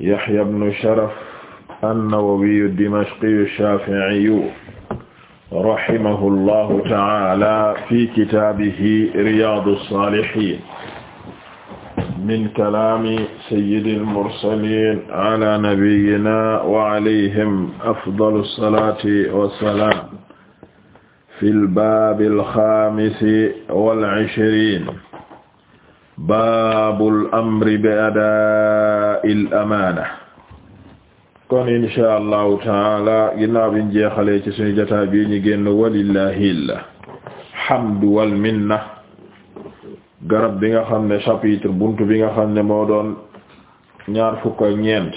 Yahya ibn Sharaf an-Nawawi ad-Dimashqi ash-Shafi'i rahimahullahu ta'ala fi kitaabihi Riyaadu s-Saalihiin min kalaami sayyidil mursaliin ala nabiyyinaa wa alayhim afdalu s-salaati wa s-salaam fil baabil khaamisi wal ishriin baabul amri bi adaa'il amaana kon insha allahu taala ginnaaw biñ jeexalee ci suñu jotaay bi ñu génn walillahil hamdu wal minna garab bi nga xam ne chapitre bunt bi nga xam ne moo doon ñaar fukk ak ñeent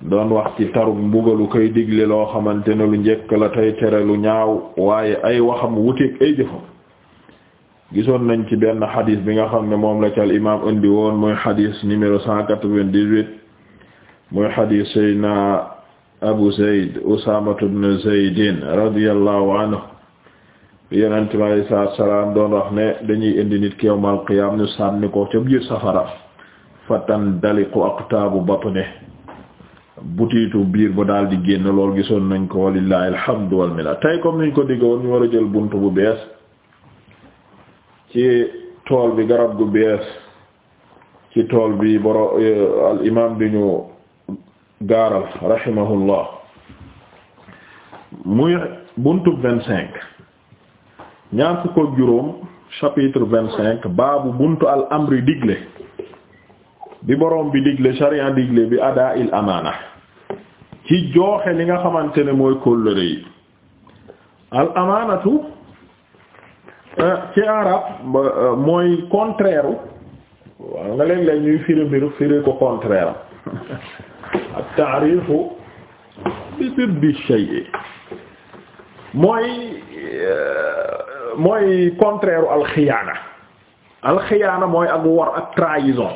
doon wax ci tarug mbugalu koy digle loo xamante ne lu njëkk la tey tere ñaaw waaye ay waxam wuteek ay jëfam gisoon nañ ci benn xadis bi nga xam ne moom la ci al imaam indi woon mooy xadis numéro cent quatre vingt mooy xadis saydna abu zayd usaamatu bnu zaydin radiyallahu anhu yonent bi alayhi salaatu doon wax ne dañuy indi nit ki yawmal qiyaam ñu sànni ko ca biir safara fatan daliqu aqtaabu batne butiitu biir ba daal di génn lool gisoon nañ ko walillahi alhamdu wal minna tey comme niñ ko diggoon ñu war a jël bunt bu bees ci tool bi garab gu bees ci tool bi boro eh, al imam bi ñu gaaral rahimahullah muy buntu vingt cinq ñaar fukk ak juróom chapitre vingt cinq baabu buntu al amri digle bi boroom bi digle sharia digle bi adaa il amaana ci jooxe li nga xamante ne mooy kóllëre yi al amaanatu ci arab mooy contraire waaw nga leen lay ñuy firi ko contraire ak taarifu bi diddi shay'i mooy mooy contraire u alxiyaana mooy ak wor ak trahison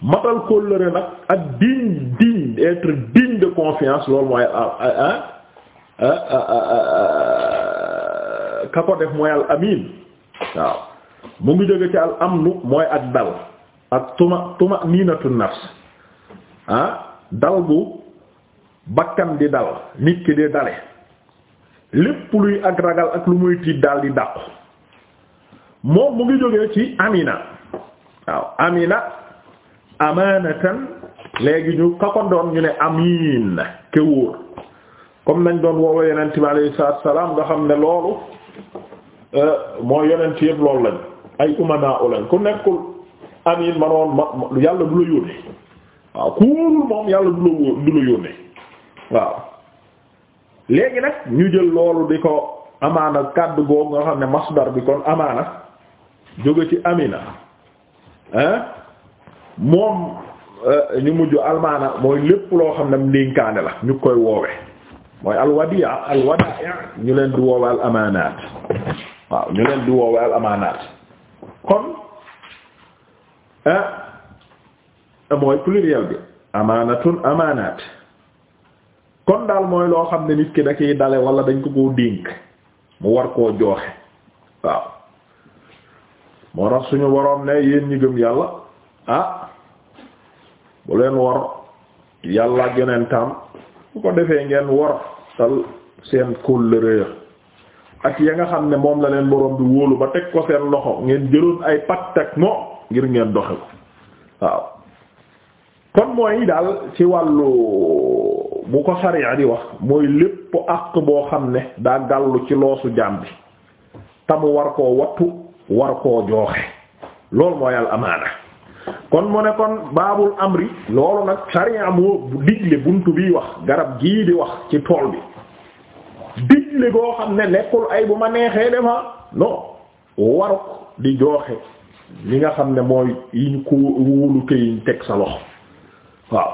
matal kóllëre nag ak digne digne être digne de confiance loolu mooy ah ah ka ko def mooy al amin waaw mu ngi jóge ci al amnu mooy ak dal ak tuma tuma niinatu nafs ah dal bu bakkan di dal nit ki di dale lépp luy ak ragal ak lu muy tiit dal di dàqu moom mu ngi jógee ci amina waaw amina amaanatan léegi ñu ka ko doon ñu ne amin ke wóor comme nañ doon woowe yeneen bi alayhi salaatu salaam nga xam ne loolu Euh, moo yonent yëpp loolu lañ ay umanaa lañ ku nekkul amin manoon ma yàlla du la yónnee waaw ku wóorul moom yàlla du la du la yónnee waaw léegi nag ñu jël loolu di ko amaana kàddu googu nga xam ne masdar bi kon amaana jóge ci amina hein moom euh, ñu mujj almaana mooy lépp loo xam ne ndénkaane la ñu koy woowe mooy alwadia alwadia ñu leen di woowe al amaanaat waaw ñu leen di woowe al amaanaat kon ah mooy pluriel bi amaanatun amaanaat kon daal mooy loo xam ne nit ki da koy dale wala dañ ko koo dénk mu war koo jooxe waaw moo tax suñu waroom ne yéen ñi gëm yàlla ah bu leen wor yàlla ak yonentam bu ko defee ngeen wor tal seen kóllëre ak ya nga xam ne moom la leen boroom bi wóolu ba teg ko seen loxo ngeen jëloon ay pacte ak moo ngir ngeen doxe ko waaw kon mooy daal ci wàllu bu ko sariya di wax mooy lépp àq boo xam ne daa gàllu ci loosu jaam bi tamu war koo wattu war koo jooxe loolu mooy al amaana kon mu ne kon baabul amri loolu nag sariya moo digle buntu bi wax garab gii di wax ci tool bi digle goo xam ne nekkul ay bu ma neexee defa non waruk di jooxe li nga xam ne mooy yiñ ko wóolu téyiñ teg sa loxo waaw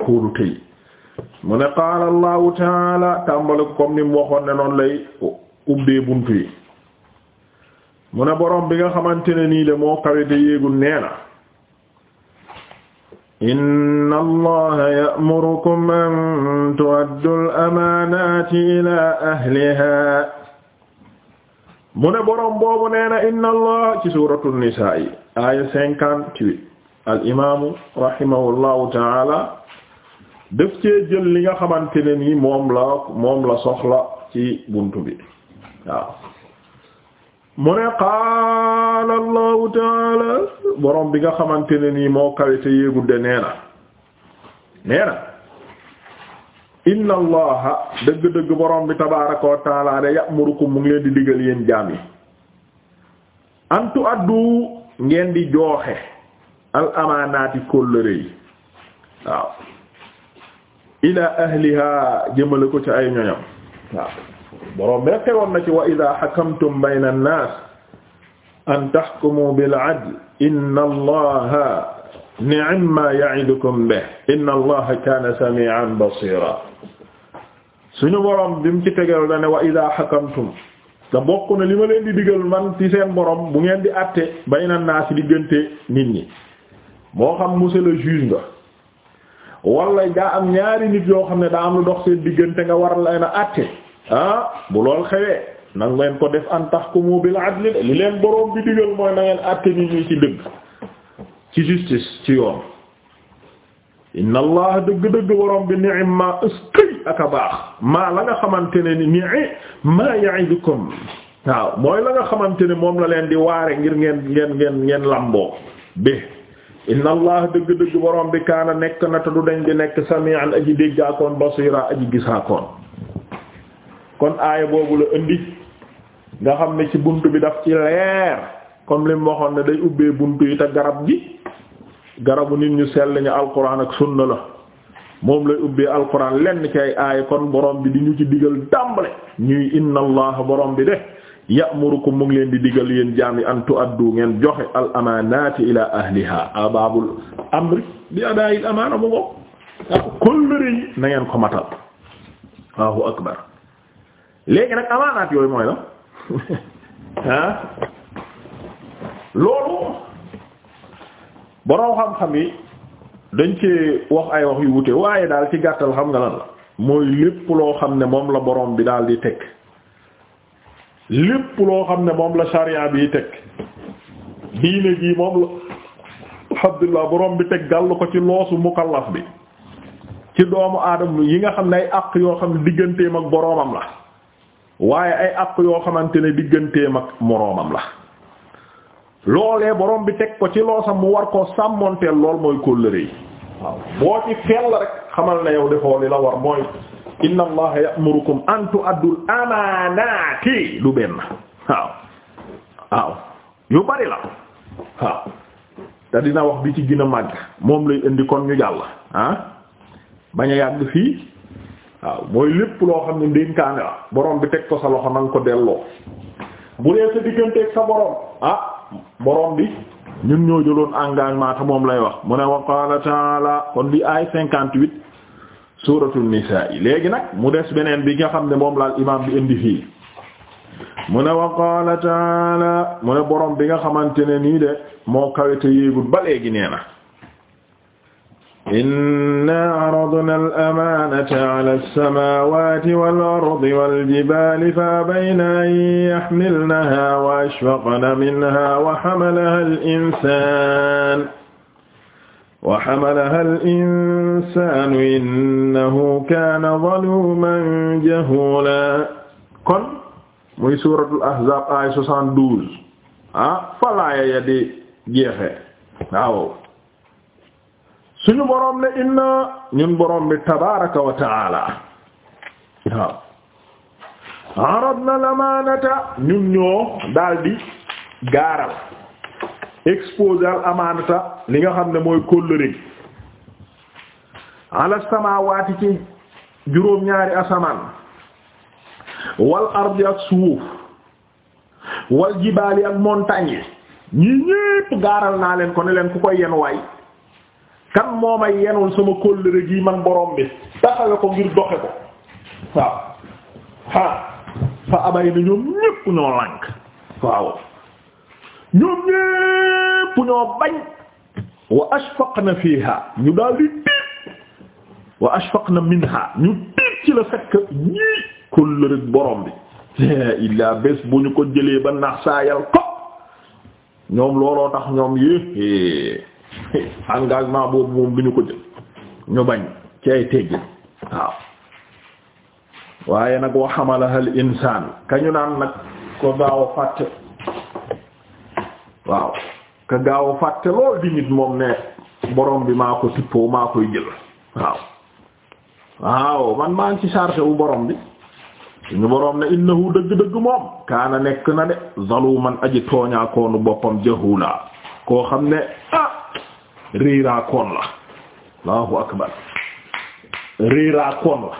wóolu téyi mu ne qaala allahu taala tàmbale comme ni mu waxoon ne noonu lay ubbee buntu yi mu ne boroom bi nga xamante ne nii de moo kawe te yéegul nee na inna allaha ya'murukum an tu'addu al-amaanaati ilaa ahlihaa mu ne boroom boobu nee na allah ci suuratu nisaa yi aaya cinquante-huit al imaamu rahimahullahu taala def cee jël li nga xamante nii moom la moom la soxla ci bunt bi waaw mu ne qaala allahu taala borom bi nga xamante ne nii moo kawite yéegudde nee na nee na inna allaha dëgg-dëgg borom bi tabaraka wa taala de ya'murukum mu ngi leen di digal yéen jaam yi antu addu ngeen di jooxe al amaanaati kóllëre yi waaw ila ahliha jëmale ko ci ay ñoñam waaw borom bi nag na ci wa idha hakamtum bayna an-nas an tahkumu bil 'adl inna allaha ni'ma ya'idukum bih inna allaha kana sami'an basira suñu borom bi mu ci tegal na ne wa ma leen di digal man ci seen borom bu ngeen di àtte bayna an-nas diggante nit ñi moo xam monsieur le juge nga wala daa am ñaari nit yoo xam ne daa am lu dox seen diggante nga war leen a àtte ah bu lool xewee na ngeen ko def an tahkumu bil adli li leen boroom bi digal mooy na ngeen àtte ci dëgg ci justice ci yoon inna allah dëgg-dëgg boroom bi ni'ma ëskëy ak a baax maa la nga xamante ne ni ni'ma ya'idukum waaw mooy la nga xamante ne moom la leen di waare ngir ngeen ngeen ngeen ngeen lamboo bi inna allah dëgg-dëgg boroom bi kaana nekk na te du dañ di nekk sami'an aji déggaakoon basira aji gisaakoon kon aaya boobu la indi nga xam ne ci bunt bi daf ci leer comme li mu waxoon ne day ubbee bunt yi te garab gi garabu nit ñu sell ñu alquran ak sunna la moom lay ubbee alquran lenn ci ay kon borom bi di ñu ci digal dàmbale ñuy inna allah borom bi de ya'murukum mu ngi di digal yéen jaam yi an tu'addu ngeen joxe al amanati ila ahliha ababul amri amaana mu ngo waaw kóllëre na ngeen ko matal waaw akbar léegi nag amaanaat yooyu mooy la ah loolu borom xam-xam yi dañ ci wax ay wax yu wute waaye daal ci gàttal xam nga lan la mooy lépp loo xam ne moom la boroom bi daal di teg lépp loo xam ne moom la sharia bi teg diine ji moom la alhamdulillah borom bi teg gàll ko ci loosu mukallaf bi ci doomu aadama yi nga xam ne ay àq yoo xam ne digganteem ak boromam la. waaye ay àq yoo xamante ne digganteem ak moroomam la loolee borom bi teg ko ci loosam mu war koo sàmmonteel lool mooy kóllëre yi waaw boo ci fell rek xamal na yow defoo li la war mooy inna allaha ya'murukum an tu'addul amaanaati lu benn waaw waaw yu bari la waaw te dina wax bi ci gina a màgg moom lay indi kon ñu jàll ah. bañ a yàgg fii waaw mooy lépp loo xam ne ndénkaane la boroom bi teg ko sa loxo na ko delloo bu dee sa digganteeg sa borom ah borom bi ñun ñoo jëloon engagement te moom lay wax mu ne wa qaala taala kon bi ay cinquante huit suuratul nisaa léegi nag mu des beneen bi nga xam ne moom laal imaam bi indi fii mu ne wa qaala taala mu ne borom bi nga xamante ne nii de moo kawete yéegul ba léegi nee na. innaa aradna al-amaanata ala as-samaawaati wal-ardi wal-jibaali fa abaynaa an yaxmilnahaa wa ashfaqna minhaa wa hamalahaa al-insaan wa hamalahaa al-insaanu innahu kaana zaluuman jahuulaa kon muy suuratul ahzaab aaya 72 ah fa laaya ya di jeexe waaw suñu borom ne inna ñun borom bi tabaaraka wa ta'ala waaw aradna lamaanata ñun ñoo daldi gaaral exposer amaanata li nga xam ne mooy kóllëre ala samaawaati ci juróom-ñaari asamaan wal ardi ak suuf wal jibaali ak montagne yi ñépp gaaral naa leen ko ne leen ku koy yen waay kan moo may yenul sama kóllëre gi man borom bi taxawe ko ngir doxe ko waaw ah fa abay na ñoom ñépp ñoo lànk waaw ñoom ñépp ñoo bañ wa ashfaqna fiha ñu daal di tiit wa ashfaqna minha ñu tiit ci la fekk ñii kóllëre borom bi illaa bés bu ñu ko jëlee ba nax ko ñoom looloo tax ñoom yi engagement boobu moom duñu ko jël ñu bañ ci ay teggin waaw waaye nag wa xamalaha al insaan kañu naan nag ko gaaw a fàtte waaw ka gaaw a fàtte lool di nit moom ne borom bi maa ko tippoo maa koy jël waaw waaw man maa ngi ci chargé wu borom bi suñu borom ne innahu dëgg-dëgg moom kaana nekk na de zaluman aji tooñaakoonu boppam jahula koo xam ne ah réeraa koon la allahu akbar réeraa koon la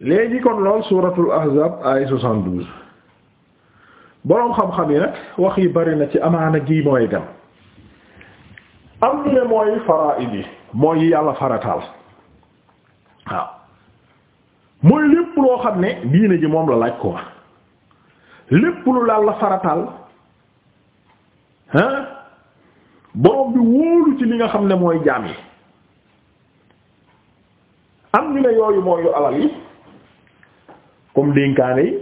léegi kon lool suuratul ahzab ay soixante-douze boroom xam-xam yi nag wax yi bari na ci amaana gi mooy dem am ñu mooy faraa'id yi mooy yàlla farataal waaw mooy lépp loo xam ne diine ji moom la laaj ko lépp lu yàlla farataal hein borom bi wóolu ci li nga xam ne mooy jaam yi am ñu ne yooyu mooy yu alal yi comme dénkaane yi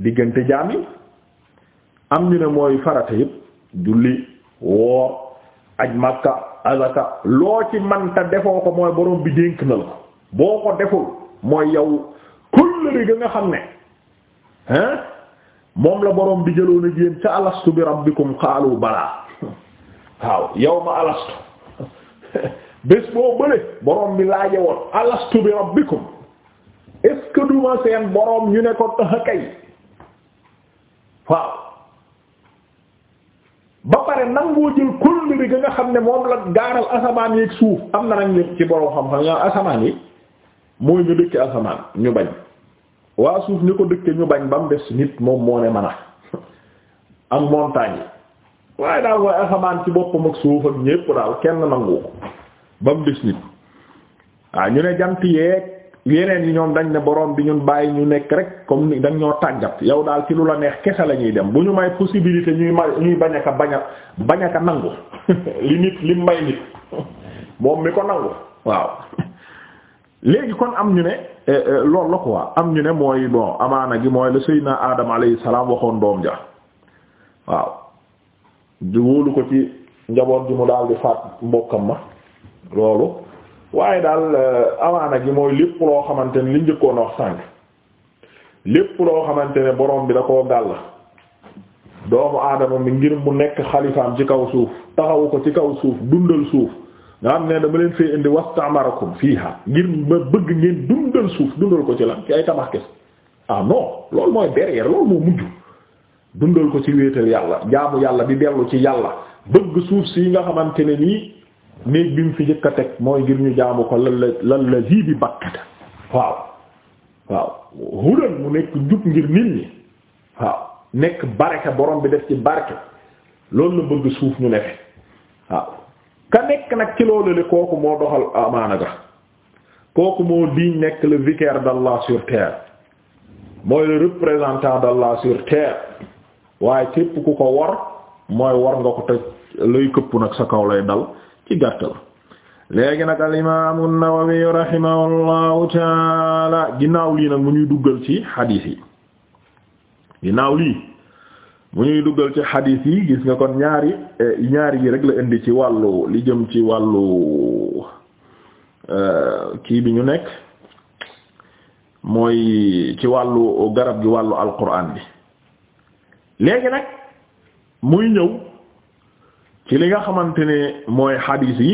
diggante jaam yi am ñu ne mooy farata yëpp julli woor aj makka azaka loo ci manta defoo ko mooy borom bi dénk na la ko boo ko deful mooy yow kóllëre ga nga xam ne hein moom la borom bi jëloon a jéem ca alastu bi rabbikum xaalu balaa waaw yawma alastu bés boo bële borom bi laaje woon alastu bi rabbikum est-ce que duma seen borom ñu ne ko tax kay waaw ba pare nangoo jël kóllëre ga nga xam ne moom la gaaral asamaan yi ak suuf am na nag ñu ci borom xam-xam ñoo asamaan yi mooy ñu dëkke asamaan ñu bañ waa suuf ñu ko dëkke ñu bañ ba mu des nit moom moo ne man a ak montagne yi waaye daal mooy asamaan ci boppam ak suuf ak ñépp daal kenn nangu ko ba mu nit waaw ñu ne jant yeeg yeneen yi ñoom dañ ne boroom bi ñun bàyyi ñu nekk rek comme ni dañ ñoo tàggat yow daal ci lu la neex kese la ñuy dem bu ñu may possibilité ñuy may ñuy bañ a ka bañ a a ka nangu li nit li may nit moom mi ko nangu waaw léegi kon am ñu ne eh, eh, loolu la quoi am ñu ne mooy amaana gi mooy la Seydina Adam alayhi salaam waxoon doom ja waaw. di wóolu ko ci njaboot gi mu daal di faat mbokkam ma loolu waaye daal euh, amaana gi mooy lépp loo xamante ne li njëkkoon wax sànk lépp loo xamante ne boroom bi da koo gàll doomu aadama mi ngir mu nekk xalifaam ci kaw suuf taxawu ko ci kaw suuf dundal suuf nga am ne dama leen fee indi fii fiiha ngir ma bëgg ngeen dundal suuf dundal ko ci lan ci ay tabax kes ah non loolu mooy derrière loolu moo mujj dundal ko ci wéetal yàlla jaamu yàlla di dellu ci yàlla bëgg suuf si nga xamante ne nii néeg bi mu fi jëkk a teg mooy ngir ñu jaamu ko lan la lan la ji bi bakkata waaw waaw hudan mu nekk jub ngir nit ñi waaw nekk barke borom bi def ci barke loolu la bëgg suuf ñu ne fi waaw ka nekk nag ci loolu le kooku moo doxal amaana kooku moo diñ nekk le vicaire d'Allah sur terre mooy le représentant d'Allah sur terre waaye képp ku ko wor mooy wor nga ko teg lay këpp nag sa kaw lay dal ci gàttal léegi nag al imaamu Nawawi rahimahullahu ginnaaw lii nag mu ñuy duggal ci xadiis yi ginnaaw lii mu ñuy duggal ci xadiis yi gis nga kon ñaari ñaari yi rek la indi ci wàllu li jëm ci wàllu euh, kii bi ñu nekk mooy ci wàllu garab gi wàllu alquran bi léegi nag muy ñëw ci li nga xamante ne mooy xadiis yi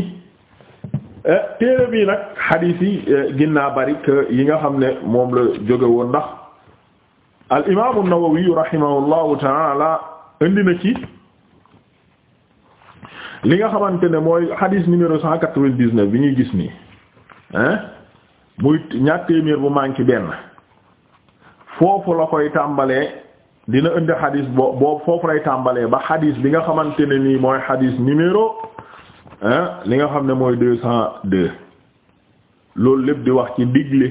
eh, téere bii nag xadiis yi eh, gin naa bari que yi nga xam ne moom la jóge woon ndax al imaamu Nawawi rahimahullahu taala indi na ci li nga xamante ne mooy xadiis numéro cent quatre vingt dix bi ñuy gis nii hein eh, muy ñaar téeméer bu manqué benn foofu la koy tàmbalee dina indi xadis bo boobu foofu lay tàmbalee ba xadis bi nga xamante ne nii mooy xadis numéro ah li nga xam ne mooy deux cent deux loolu lépp di wax ci digle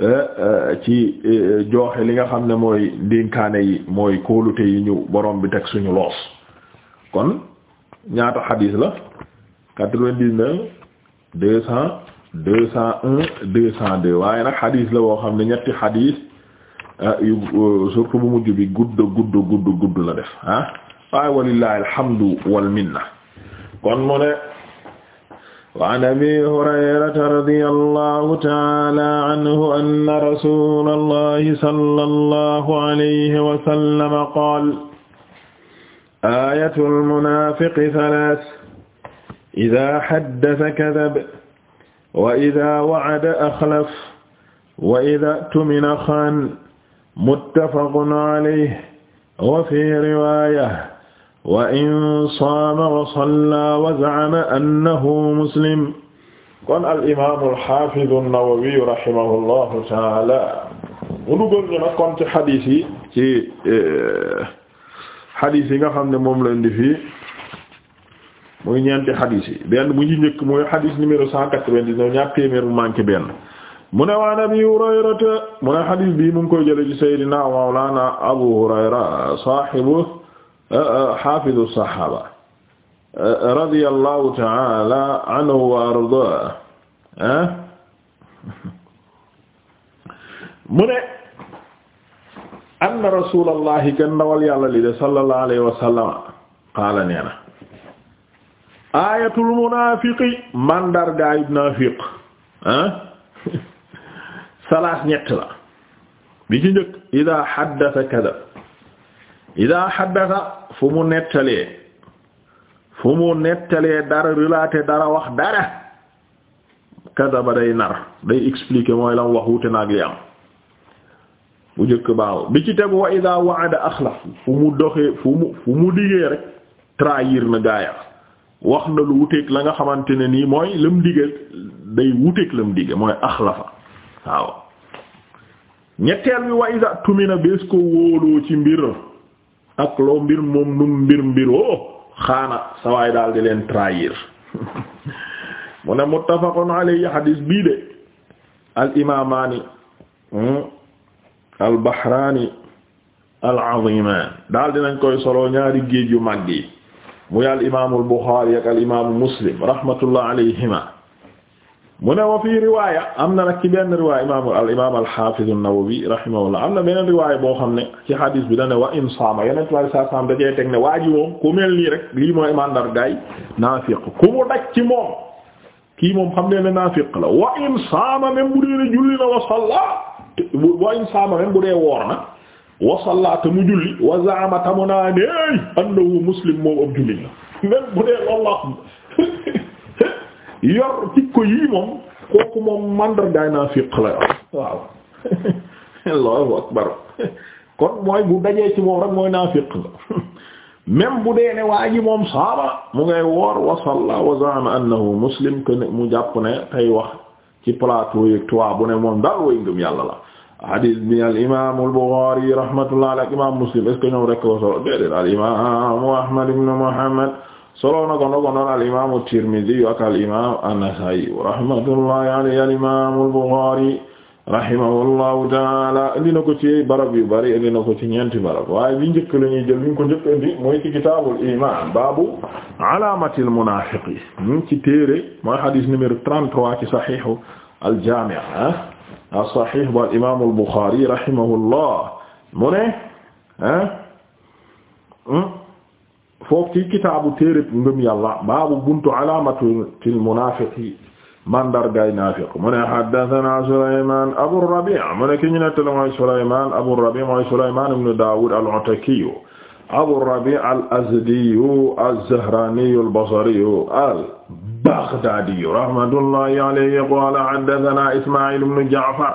euh, ci euh, jooxe li nga xam ne mooy ndénkaane yi mooy kóolute yi ñu borom bi teg suñu loos kon ñaata xadis la quatre-vingt-dix-neuf deux cent deux cent un deux cent deux waaye nag xadis la woo xam ne ñetti xadis Ah, uh, surtout bu mujj bi gudd gudd gudd gudd la def ah waaye walillahi alhamdu wal minna kon mu ne waan abi hurayrata radiyallahu ta'ala anhu anna rasulallahi sallallahu alayhi wa sallam qaala ayatul munaafiqi thalath idaa haddasa kadhaba wa idaa wa'ada akhlafa wa idaa tumina xaana muttafaqun alayhi wa fi riwaya wa in saama wa salla wa za'ama muslim kon al imaamu alxafidu an-Nawawi rahimahullahu taala mu dugal ñu nag kon ci xadiis yi ci eh, xadiis yi nga xam ne moom lañ di fii muy ñeenti xadiis yi benn bu ñu njëkk mooy xadiis numéro cent quatre-vingt-dix-neuf benn mu ne waan abi hurayrata mu ne xadis bi mu ngi koy jële ci saydina mawlana abu hurayra sahibu eh, eh, xafidu sahaba eh, radiyallahu ta'ala anhu wa ardaah mu ne anna rasulallahi ken ndawal yàlla li de sallallahu alayhi wa sallama qaala nee na ayatul munaafiqi mandargaay naafiq ah salaas ñett la bi ci njëkk ida xaddasa kadab ida xaddasa fu mu nettalee fu mu nettalee dara relaté dara wax dara kadaba day nar day expliquer mooy lam wax wute naag li am bu njëkk baaw bi ci tegu wa ida waada axlaf fu mu doxee fu mu fu mu digee rek trahir na gaaya wax na lu wuteeg la nga xamante ne nii mooy lam digee day wuteeg lam digee mooy axlafa waaw ñetteel bi wa iza tumina bés ko wóoloo ci mbir ak loo mbir moom num mbir mbiroo xaana sawaay daal leen trahir mu ne muttafaqun alayhi hadis bii de al imaamaani hmm, al bahraani al azimaan daal dinañ koy solo ñaari géej yu mag yi muy al imaamul buxaari al imaamu muslim rahmatullah alayhima mu ne wa fii riwaaya am na nag ci benn riwaaya imaam al imaam al xaafiz an-Nawawi rahimahullah am na beneen riwaaya boo xam ne ci xadiis bi da wa in saama yeneen tubaab saa saam dajee teg ne waa ji moom ku mel nii rek lii mooy màndargaay naafiq ku mu daj moom kii moom xam ne ne naafiq la wa in saama même bu ne julli na wa sallaa wa in saama même bu dee woor na wa sallaa te mu julli wa zaama tamu naa ne annahu muslim moom ab julli la même bu dee loolu la yor jikko yii moom kooku moom mandargaay naafiq la yor waaw Allahu akbar kon mooy bu dajee ci moom rek mooy naafiq la bu dee ne waa moom saaba mu ngay woor wa salla wa za'ama annahu muslim que mu jàpp ne tey wax ci plateau yeeg toit bu ne moom daal woy ngëm la hadis bi al imam al Bukhari Muslim est-ce que ñoom rek ko solo déedéet al imam Ahmad ibn Muhammad solo na ko na ko noon al imaamu Tirmidi ak al imaam An-Nasaa'i rahmatullahi alayhi al imaamu Buxaari rahimahullahu taala indi na ko ci barab yu bari indi na ko ci ñeenti barab waaye bi njëkk la ñuy jël ñu ko njëkk indi mooy ci kitaabul imaan baabu alaamatil munaafiqi ñu ci téere mooy xadiis numéro 33 ci saxiixu al jaami' ah as-saxiix bu al imaamul Buxaari rahimahullah mu ne ah. Hmm? foofu ci kitaabu téereb ngëm yàlla baabu buntu alaamatil munaafiqi mandargaay naafiq mu ne haddathana Sulaymaan Abu Rabi' mu ne ki ñu nettali mooy Sulaymaan Abu Rabi' mooy Sulaymaan ibn Daawuud al-Atakiyu Abu Rabi' al-Azdiyu az-Zahraaniyu al-Basriyu al-Baghdaadiyu rahmatullahi alayhi qaala haddathana Ismaa'iil ibn Ja'far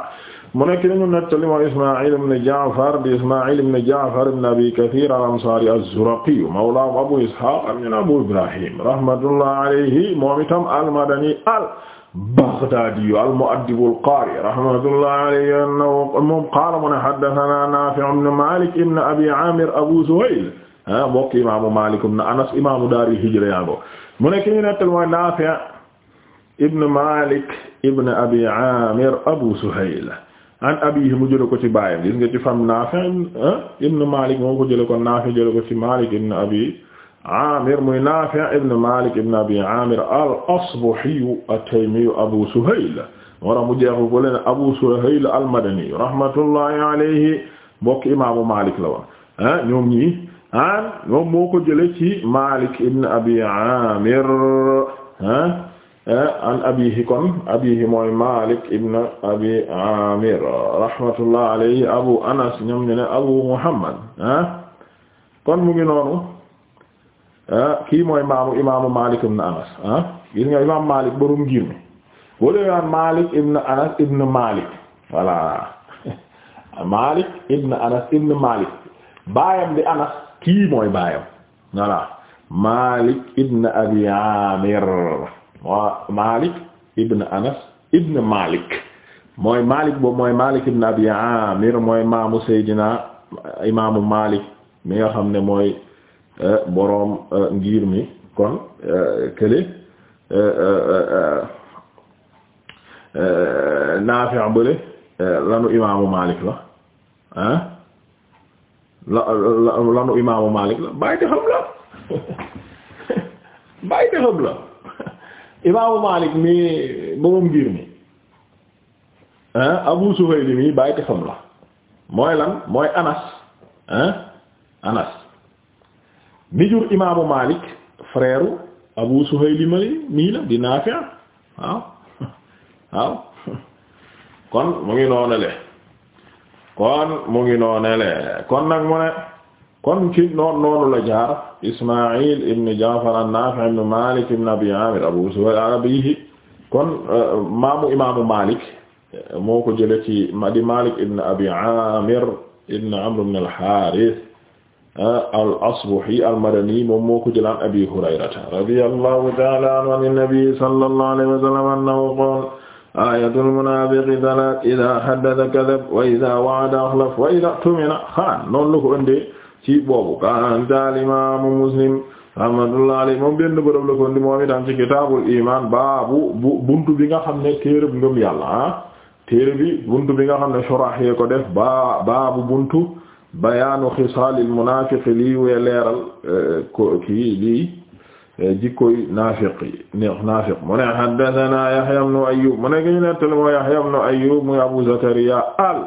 mu nekk nañu nettali moo Ismaa'il ibn Ja'far di Ismaa'il ibn Ja'far ibn Abi Kathir al-Ansari az-Zuraqi mawla Abu Ishaq ibn Abu Ibrahim rahmatullah alayhi moom itam al-Madani al-Baghdadi al-mu'addib al-qari rahmatullah alayhi annahu qala mu ne haddathana Nafi' ibn Malik ibn Abi Amir Abu Suhayl ah mbokk imaamu Malik ibn Anas imaamu daar al-hijra yaa ngo mu nekk ñu nettali moo Nafi' ibn Malik ibn Abi Amir Abu Suhayl an abiihi mu jële ko ci baayam gis nga ci fam Naafi' ah, ibn Malik moo ko jële ko Naafi' jële ko ci Malik ibn Abi Amir muy Naafi' ibn Malik ibn Abi Amir al-Asbahi at-Taymi Abu Suhayl wara mu jeexu ko leen Abu Suhayl al-Madani rahmatullahi alayhi mbokk imaamu Malik la woon ah ñoom ñii ah ñoom moo ko jële ci Malik ibn Abi Amir ah Eh, an abihi kon abihi mooy Malik ibn Abi Amir rahmatullah alayhi Abu Anas ñoom ñu ne Abu Muhammad ah kon mu ngi noonu eh, kii mooy maamu imaamu Malik ibn Anas ah gis nga imaam Malik borom ngir mi boo dee naan Malik ibn Anas ibn Malik baayam di Anas kii mooy baayam voilà Malik ibn Abi Amir. wa Malik ibn Anas ibn Malik mooy Malik boobu mooy Malik ibn Abi Amir mooy maamu Seydina imaamu Malik mi nga xam ne mooy euh, boroom euh, ngiir mi kon euh, kële Naafi' bële lanu imaamu Malik la lanu imaamu Malik la bàyyi de la bàyyi de la imaamu Maalik mi moom ngir mi Abu Suhayli mi bàyyi la mooy lan mooy Anas hein Anas mi jur imaamu Maalik frère Abu Suhayli ma nii la di Naafi' ah. waaw waaw kon mu ngi noonale kon mu ngi noonale kon nag mu ne kon ci noon noonu la jaar Ismaïl ibn Ja'far an-Nafi' ibn Malik ibn Abi Amir Abu Suhayl al-Abihi kon euh, maamu imaamu Malik euh, moo ko jële ci madi Malik ibn Abi Amir ibn Amr ibn al-Harith euh, al-Asbahi al-Madani moom moo ko jële an Abi Hurayrata radiyallahu ta'ala anhu an-nabi sallallahu alayhi wa sallam annahu qala ayatul munaafiqi thalath idha haddatha kadhab wa idha wa'ada akhlaf wa idha tumina xaan noonu la ko ëndee ci boobu kantal imaamu muslim rahmatullah alayhi moom benn bërëb la kon di moom itam baabu bu buntu bi nga xam ne téereb ngëm yàlla ah téere bi buntu bi nga xam ne shurah yee ko def baa baabu buntu bayaanu xisaalil munaafiq lii wee leeral eh, ko kii lii eh, jikkoy naafiq naafiq mu ne haddathana yahya ibn ayyub mu ne gi ñu nettali moo yahya ibn ayyub muy abu zakariya al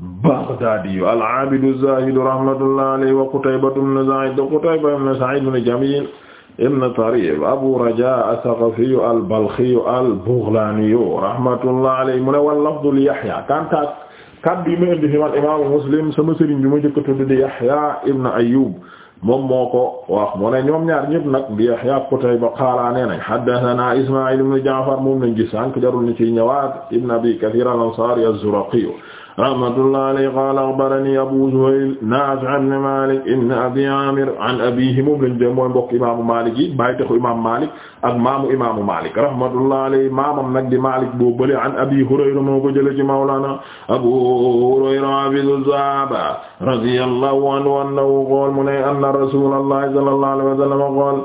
Baghdaadiyu al-aabidu zaahidu rahmatullahi alayhi wa Qutaybatu ibn Sa'iid Qutayba ibn Sa'iid ibn Jamiil ibn Tariif Abu Rajaa as-Saqafiyu al-Balkhiyu al-Baghlaaniyu rahmatullahi alayhi mu ne wal-lafdu li Yahyaa kantaak kaddu yi ma fi man imaamu Muslim sama sëriñ bi ma njëkk a tudd di Yahyaa ibn Ayyuub moom moo ko wax mu ne ñoom ñaar nag bi Yahya Qutayba qaala nee nañ haddathana Isma'il ibn Ja'far moom lañ gis sànq jarul ni ci ñëwaat ibn Abi Kathir al-Ansari az-Zuraqi rahmatullah alayhi qala akhbarani Abu Zuhayl Nafi' ibn Malik ibn Abi Amir an abihi moom lañ jëm mooy mbokk imaamu Malik yi bàyyi taxu imaamu Malik ak maamu imaamu Malik rahmatullah alayhi maamam nag di Malik boo bële an Abi Hurayra moo ko jëlee ci Mawlana Abu Hurayra abidu zaba radiyallahu anhu annahu qaala mu ne anna rasulallahi sallallahu alayhi wa sallam qaala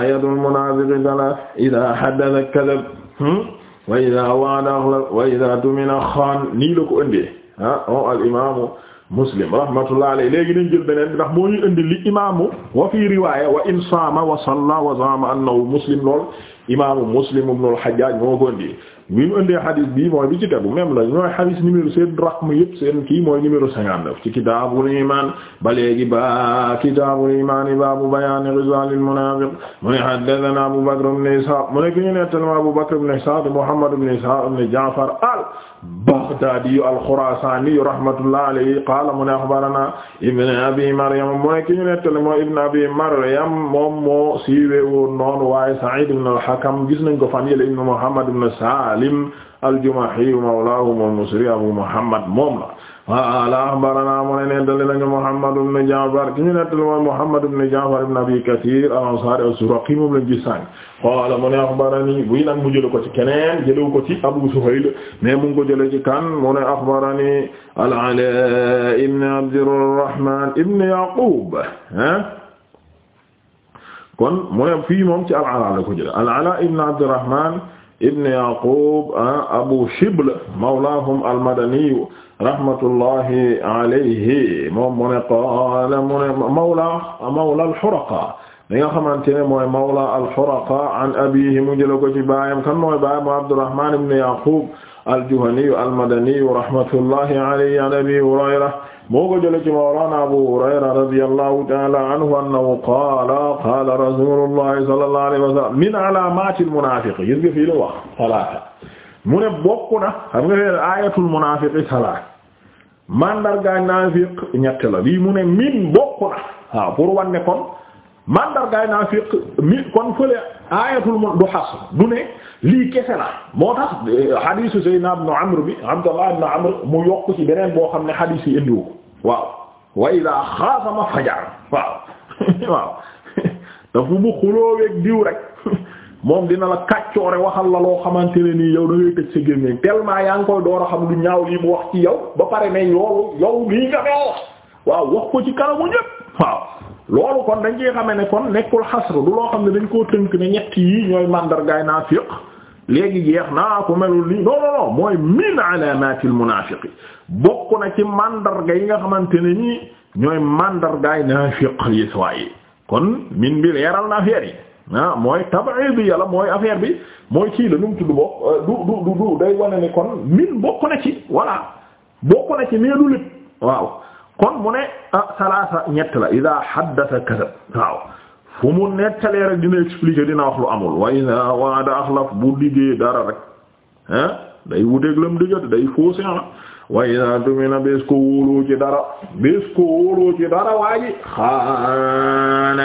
ayatul munaafiqi idha haddatha kadhaba hmm? wa ida wa'ada axlaf wa ida tumina xaan nii la ko indee ah on al imaamu muslim rahmatullah alayhi léegi nañ jël beneen ndax moo ñu indi li imaamu wa fi riwaaya wa in saama wa salla wa zaama annahu muslim lool imaamu muslim ibnul hajjaaj moo ko indi bi mu indee bi bii mooy bi ci tegu même la ñooy xadis numéro seen raqm yëpp seen kii mooy numéro cinquante-neuf ci kitaabul iman ba léegi ba kitaabul iman yi baabu bayaani xisalil munaafiq mu ne haddathana Abu Bakr ibn Ishaq mu ne ki ñu nettali Abu Bakr ibn Ishaq Muhammad ibn Ishaq ibn Ja'far al Baghdaadi yu al-Khuraasaani yu rahmatullahi alayhi qaala mu ne axbaranaa ibn Abi Maryam mu ne ki ñu nettali moo ibn Abi Maryam moom moo siiwee woon noonu waaye Sa'iid ibn al-Hakam gis nañ ko fan yële ibn Muhammad ibn Saalim al-Jumahi mawlaahum al-Misri Abu Muhammad moom la ala axbarana mu ne nettali nañu Muhammad ibn Ja'far ki ñu nettali mooy Muhammad ibn Ja'far ibn Abi Kathir al mu ne ko ci keneen jëlewu ko ci Abu Suhayl mais mu ngi ko jële ci kan mu ne axbarani al-Ala ibn ibn Yaqub ah kon mu ne fii moom ci al-Ala la ko jële ibn Abdirrahman ibn ah, Abu Shibl mawlahum al-Madani rahmatullahi alayhi moom mu ne qaala mu ne mawla mawla al-Huraqa li nga xamante ne mooy mawla al-Huraqa an abiihi mu jëla ko ci baayam kan mooy baayam Abdurrahman ibn Yaqub al-Juhani al-Madani rahmatullahi alayhi an Abi Hurayra moo ko jële ci mawlana Abu Hurayra radiyallahu ta'ala anhu annahu qaala qaala rasulullahi sallallahu alayhi wa sallam min alaamatil munaafiq gis nga fii la wax mu ne bokk na xam nga fee ayatul munaafiqi salaat mandargaay naafiq ñett la lii mu ne min bokk na waaw pour wanne kon mandargaay naafiq min kon fële ayatul du xas du ne lii kese la moo tax xadiisu Seydina ibnu Amr bi Abdullah ibnu Amr mu yokk ci beneen boo xam ne xadiis yi indiwu waaw waaw waaw dafa bu xuloo week diw rek moom dina la kàccoore waxal la loo xamante ne nii yow da ngay tëj sa gémmiñ tellement yaa ngi koy door a xam lu ñaaw lii mu wax ci yow ba pare ne yow yow lii nga mee wax waaw wax ko ci kanamu ñëpp waaw loolu kon dañ ciy xamee ne kon nekkul xasru du xam ne dañ koo tënk ne ñett yi ñooy màndargaay naafiq léegi jeex naa ko melul nii non non non bokk na ci màndarga yi nga xamante ne nii ñooy màndargaay naafiq yi kon min bi leeral na affaire yi ah mooy tabaxee bi yàlla mooy affaire bi mooy kii la nu mu tudd bokk euh, du du du day wane ni kon min bokk na ci voilà bokk na ci mais du lépp waaw kon mu ne ah salaasa ñett la ida expliquer dina wax amul wa ida waada axlaf bu diggee dara rek ah day wuteeg lam diggante day faussé la ah. wa ida tumina bés ko wóoloo ci dara bés ko ci dara waa ji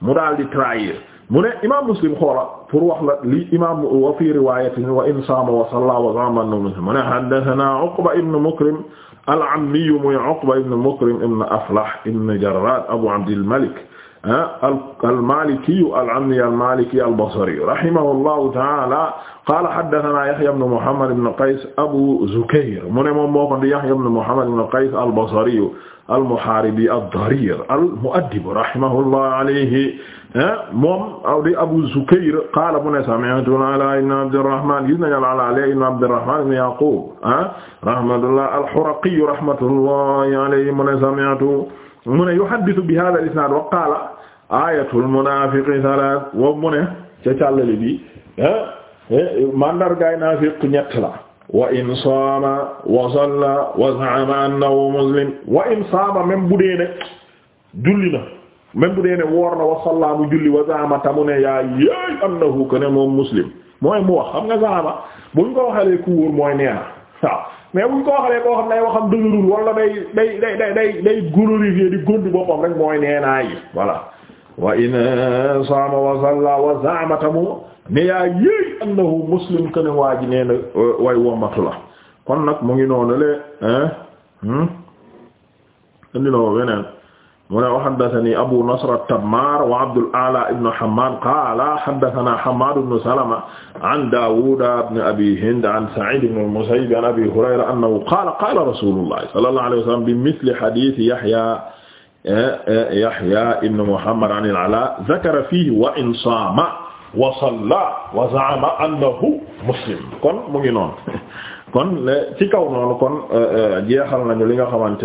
mu daal di trahir mu ne imaam muslim xoola pour wax la li imaam wa fi riwaayatin wa in saama wa salla wa za'ama annahu muslim mu ne haddathana Uqba ibn Mukrim al-Ammi muy Uqba ibn Mukrim ibn Aflah ibn Jarrad Abu Abdil Malik ah, al-Maliki al-Ammi al-Maliki al-Basri rahimahullahu ta'ala qaala haddathana Yahya ibn Muhammad ibn Qays Abu Zukair mu ne moom moo ko di Yahya ibn Muhammad ibn Qays al-Basri al-Muharibi ad-Darir al-Mu'addib rahimahullah alayhi moom aw di Abu Zukayr qaala mu ne sami'tu al-Alaa ibn Abdirrahmaan gis nañu al-Alaa ibn Abdirrahmaan ibn Yaquub ah rahmatullah al-Huraqi rahmatullahi alayhi mu ne sami'tu mu ne yuhaddithu bi haadha al-isnaad wa qaala aayatul munaafiqi thalath wa mu ne ca càllale bi ah mandargaay naafiq ñett la wa in saama wa salla wa za'ama annahu muslim wa in saama même bu dee ne julli na même bu dee ne na wa mu julli wa mu ne yaa yéey annahu ko ne moom muslim mooy mu wax xam nga zaama buñ ko waxalee ku wóor mooy nee na waaw mais buñ ko waxalee koo xam ne waxam dëgërul wala day day day day day day di góndi boppam rek mooy nee yi voilà wa in saama wa salla wa zaamata mu ne yaa yéey annahu muslim ko ne waa ji euh, way wommatu la kon nag mu ngi noonu le hmm? indi na weneen mu ne wa haddathani Abu Nasr at-Tammar wa Abdul A'la ibn Hammad qala haddathana Hammad ibn Salama an Dawud ibn Abi Hind an Sa'id ibn al-Musayyib an Abi Hurayra annahu qala qala Rasulullah sallallahu alayhi wa sallam bi mithli hadith Yahya Yahya ibn Muhammad an al-Ala dhakara fihi wa in sama wa salla wa za'ama annahu muslim kon mu ngi noonu kon ci kaw noonu kon jeexal nañu li nga xamante